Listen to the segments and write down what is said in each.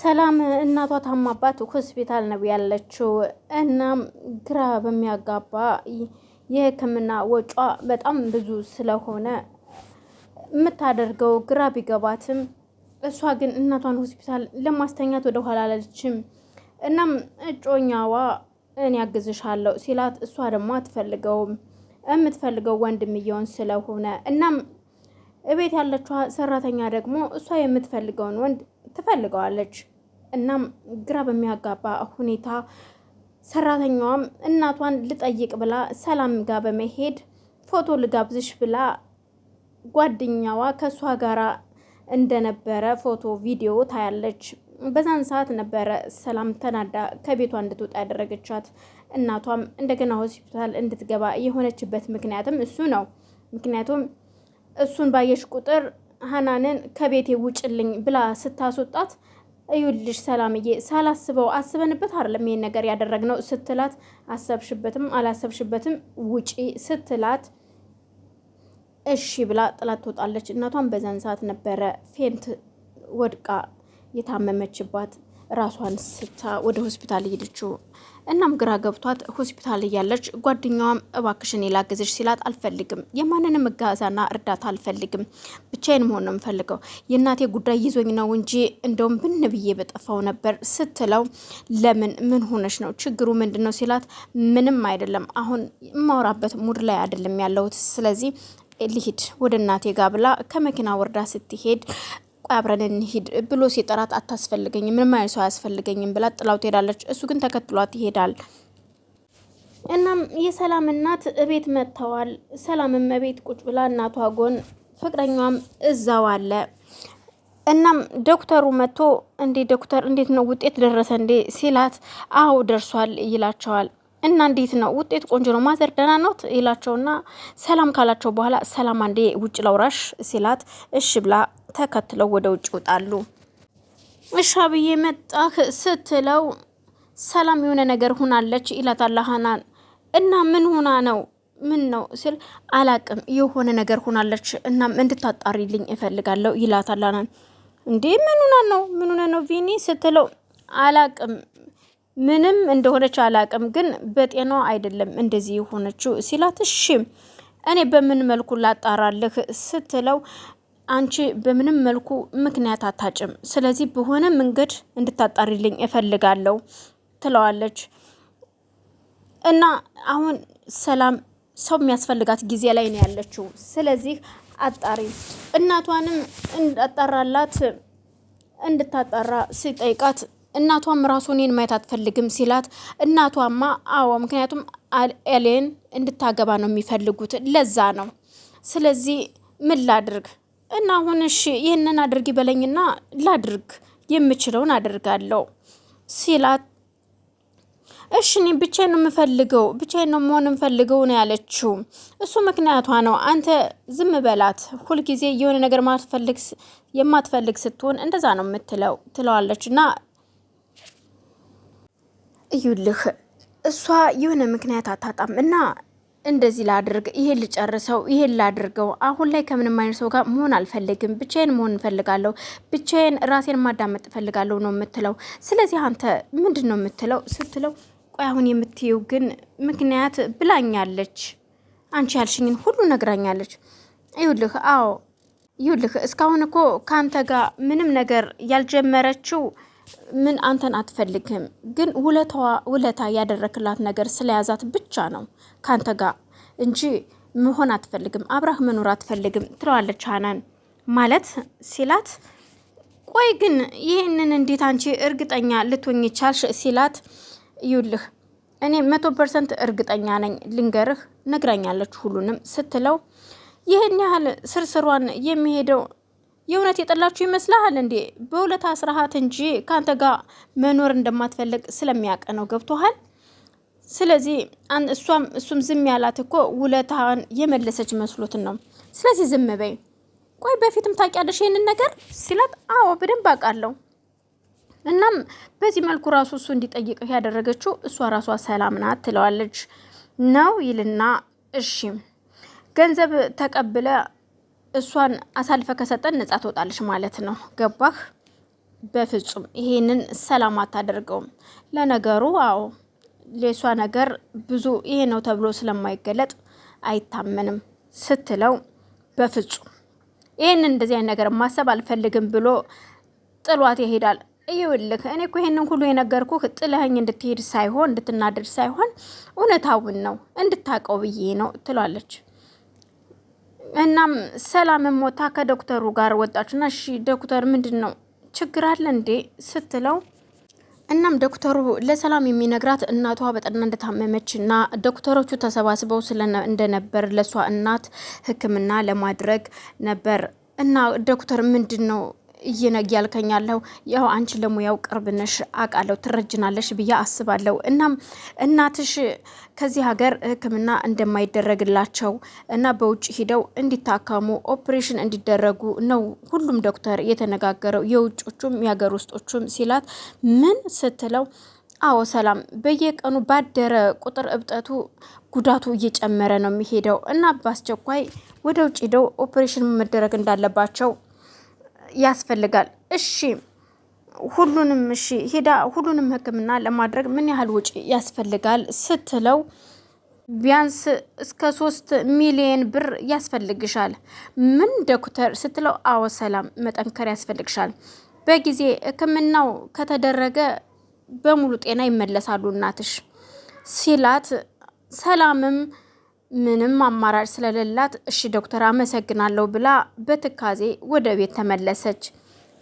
ሰላም እናቷ ታማባት ሆስፒታል ነው ያለችው። እናም ግራ በሚያጋባ የሕክምና ወጪ በጣም ብዙ ስለሆነ የምታደርገው ግራ ቢገባትም እሷ ግን እናቷን ሆስፒታል ለማስተኛት ወደ ኋላ አላለችም። እናም እጮኛዋ እኔ ያግዝሻለው ሲላት እሷ ደግሞ አትፈልገውም የምትፈልገው ወንድምየውን ስለሆነ እናም እቤት ያለችዋ ሰራተኛ ደግሞ እሷ የምትፈልገውን ወንድ ትፈልገዋለች። እናም ግራ በሚያጋባ ሁኔታ ሰራተኛዋም እናቷን ልጠይቅ ብላ ሰላም ጋር በመሄድ ፎቶ ልጋብዝሽ ብላ ጓደኛዋ ከእሷ ጋር እንደነበረ ፎቶ ቪዲዮ ታያለች። በዛን ሰዓት ነበረ ሰላም ተናዳ ከቤቷ እንድትወጣ ያደረገቻት። እናቷም እንደገና ሆስፒታል እንድትገባ የሆነችበት ምክንያትም እሱ ነው። ምክንያቱም እሱን ባየሽ ቁጥር ሀናንን ከቤቴ ውጭልኝ ብላ ስታስወጣት እዩልሽ ሰላምዬ ሳላስበው አስበንበት አይደለም ይሄን ነገር ያደረግነው ስትላት፣ አሰብሽበትም አላሰብሽበትም ውጪ ስትላት እሺ ብላ ጥላት ትወጣለች። እናቷን በዛን ሰዓት ነበረ ፌንት ወድቃ የታመመችባት ራሷን ስታ ወደ ሆስፒታል ሄደችው። እናም ግራ ገብቷት ሆስፒታል እያለች ጓደኛዋም እባክሽን የላግዝሽ ሲላት አልፈልግም፣ የማንንም እገዛና እርዳታ አልፈልግም፣ ብቻዬን መሆን ነው የምፈልገው፣ የእናቴ ጉዳይ ይዞኝ ነው እንጂ እንደውም ብን ብዬ በጠፋው ነበር ስትለው፣ ለምን ምን ሆነች ነው ችግሩ ምንድን ነው ሲላት፣ ምንም አይደለም፣ አሁን የማወራበት ሙድ ላይ አይደለም ያለሁት፣ ስለዚህ ልሂድ ወደ እናቴ ጋ ብላ ከመኪና ወርዳ ስትሄድ ቆይ አብረን እንሂድ ብሎ ሲጠራት አታስፈልገኝም፣ ምንም አይነት ሰው አያስፈልገኝም ብላ ጥላው ትሄዳለች። እሱ ግን ተከትሏት ይሄዳል። እናም የሰላም እናት እቤት መጥተዋል። ሰላምም እቤት ቁጭ ብላ እናቷ ጎን፣ ፍቅረኛዋም እዛው አለ። እናም ዶክተሩ መጥቶ እንዴ ዶክተር እንዴት ነው ውጤት ደረሰ እንዴ ሲላት፣ አዎ ደርሷል ይላቸዋል። እና እንዴት ነው ውጤት? ቆንጆ ነው ማዘር ደህና ኖት ይላቸውና ሰላም ካላቸው በኋላ ሰላም አንዴ ውጭ ላውራሽ ሲላት እሺ ብላ ተከትለው ወደ ውጭ ይወጣሉ። ብዬ መጣህ ስትለው ሰላም የሆነ ነገር ሁናለች ይላታል ሀናን። እና ምን ሁና ነው ምን ነው ሲል አላቅም የሆነ ነገር ሁናለች፣ እና እንድታጣሪልኝ እፈልጋለሁ ይላታል ሀናን። እንዴ ምን ሁና ነው ምን ሁና ነው ቪኒ ስትለው አላቅም ምንም እንደሆነች አላቅም፣ ግን በጤናዋ አይደለም እንደዚህ የሆነችው ሲላት፣ እሺ እኔ በምን መልኩ ላጣራልህ ስትለው አንቺ በምንም መልኩ ምክንያት አታጭም። ስለዚህ በሆነ መንገድ እንድታጣሪልኝ እፈልጋለሁ ትለዋለች። እና አሁን ሰላም ሰው የሚያስፈልጋት ጊዜ ላይ ነው ያለችው። ስለዚህ አጣሪ እናቷንም እንዳጣራላት እንድታጣራ ሲጠይቃት እናቷም ራሱ እኔን ማየት አትፈልግም ሲላት፣ እናቷማ አዎ፣ ምክንያቱም ኤሌን እንድታገባ ነው የሚፈልጉት ለዛ ነው። ስለዚህ ምን ላድርግ እና አሁን እሺ ይህንን አድርጊ በለኝና ላድርግ የምችለውን አድርጋለሁ ሲላት እሺ እኔ ብቻዬን ነው የምፈልገው፣ ብቻዬን ነው መሆን የምፈልገው ነው ያለችው። እሱ ምክንያቷ ነው። አንተ ዝም በላት፣ ሁልጊዜ የሆነ ነገር የማትፈልግ ስትሆን እንደዛ ነው የምትለው ትለዋለች። እና እዩልህ እሷ የሆነ ምክንያት አታጣም እና እንደዚህ ላድርግ፣ ይሄን ልጨርሰው፣ ይሄን ላድርገው። አሁን ላይ ከምንም አይነት ሰው ጋር መሆን አልፈልግም፣ ብቻዬን መሆን እንፈልጋለሁ፣ ብቻዬን ራሴን ማዳመጥ እፈልጋለሁ ነው የምትለው። ስለዚህ አንተ ምንድን ነው የምትለው ስትለው ቆይ አሁን የምትየው ግን ምክንያት ብላኛለች፣ አንቺ ያልሽኝን ሁሉ ነግራኛለች። ይኸውልህ አዎ ይኸውልህ እስካሁን እኮ ከአንተ ጋር ምንም ነገር ያልጀመረችው ምን አንተን አትፈልግም፣ ግን ውለታዋ ውለታ ያደረክላት ነገር ስለያዛት ብቻ ነው ካንተ ጋር እንጂ መሆን አትፈልግም፣ አብራህ መኖር አትፈልግም ትለዋለች ሀናን ማለት ሲላት፣ ቆይ ግን ይህንን እንዴት አንቺ እርግጠኛ ልትሆኝ ቻልሽ? ሲላት ይውልህ እኔ መቶ ፐርሰንት እርግጠኛ ነኝ ልንገርህ፣ ነግራኛለች ሁሉንም ስትለው ይህን ያህል ስርስሯን የሚሄደው የእውነት የጠላችሁ ይመስልሃል እንዴ? በሁለት አስራሃት እንጂ ከአንተ ጋር መኖር እንደማትፈልግ ስለሚያውቅ ነው። ገብቶሃል? ስለዚህ እሷም እሱም ዝም ያላት እኮ ውለታን የመለሰች መስሎትን ነው። ስለዚህ ዝም በይ። ቆይ በፊትም ታውቂያለሽ ይህንን ነገር ሲላት፣ አዎ በደንብ አውቃለሁ። እናም በዚህ መልኩ ራሱ እሱ እንዲጠይቅህ ያደረገችው እሷ ራሷ ሰላም ናት ትለዋለች ነው ይልና፣ እሺ ገንዘብ ተቀብለ እሷን አሳልፈ ከሰጠን ነጻ ትወጣለች ማለት ነው። ገባህ? በፍጹም ይሄንን ሰላም አታደርገውም። ለነገሩ አዎ ሌሷ ነገር ብዙ ይሄ ነው ተብሎ ስለማይገለጥ አይታመንም ስትለው በፍጹም ይህንን እንደዚህ አይነት ነገር ማሰብ አልፈልግም ብሎ ጥሏት ይሄዳል። ይኸውልህ እኔ እኮ ይሄንን ሁሉ የነገርኩህ ጥለኸኝ እንድትሄድ ሳይሆን እንድትናደድ ሳይሆን እውነታውን ነው እንድታውቀው ብዬ ነው ትሏለች። እናም ሰላምም ሞታ ከዶክተሩ ጋር ወጣችና እሺ ዶክተር ምንድን ነው ችግር አለ እንዴ ስትለው እናም ዶክተሩ ለሰላም የሚነግራት እናቷ በጠና እንደታመመች እና ዶክተሮቹ ተሰባስበው እንደነበር ለእሷ እናት ሕክምና ለማድረግ ነበር እና ዶክተር ምንድን ነው እየነግ ያልከኛለሁ ያው አንቺ ለሙያው ቅርብነሽ አውቃለሁ ትረጅናለሽ ብዬ አስባለሁ። እናም እናትሽ ከዚህ ሀገር ሕክምና እንደማይደረግላቸው እና በውጭ ሂደው እንዲታከሙ ኦፕሬሽን እንዲደረጉ ነው ሁሉም ዶክተር የተነጋገረው የውጮቹም የሀገር ውስጦቹም ሲላት ምን ስትለው አዎ ሰላም፣ በየቀኑ ባደረ ቁጥር እብጠቱ ጉዳቱ እየጨመረ ነው የሚሄደው እና በአስቸኳይ ወደ ውጭ ሄደው ኦፕሬሽን መደረግ እንዳለባቸው ያስፈልጋል። እሺ ሁሉንም እሺ ሄዳ ሁሉንም ህክምና ለማድረግ ምን ያህል ውጪ ያስፈልጋል ስትለው ቢያንስ እስከ ሶስት ሚሊየን ብር ያስፈልግሻል። ምን ዶክተር ስትለው አዎ ሰላም፣ መጠንከር ያስፈልግሻል። በጊዜ ህክምናው ከተደረገ በሙሉ ጤና ይመለሳሉ እናትሽ ሲላት ሰላምም ምንም አማራጭ ስለሌላት እሺ ዶክተር አመሰግናለሁ ብላ በትካዜ ወደ ቤት ተመለሰች።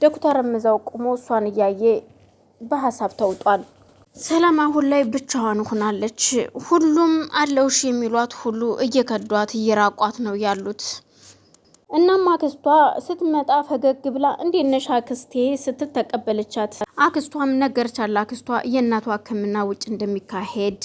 ዶክተርም እዛው ቆሞ እሷን እያየ በሀሳብ ተውጧል። ሰላም አሁን ላይ ብቻዋን ሆናለች። ሁሉም አለውሽ የሚሏት ሁሉ እየከዷት እየራቋት ነው ያሉት። እናም አክስቷ ስትመጣ ፈገግ ብላ እንዴት ነሽ አክስቴ ስትል ተቀበለቻት። አክስቷም ነገርቻለ አክስቷ የእናቷ ሕክምና ውጭ እንደሚካሄድ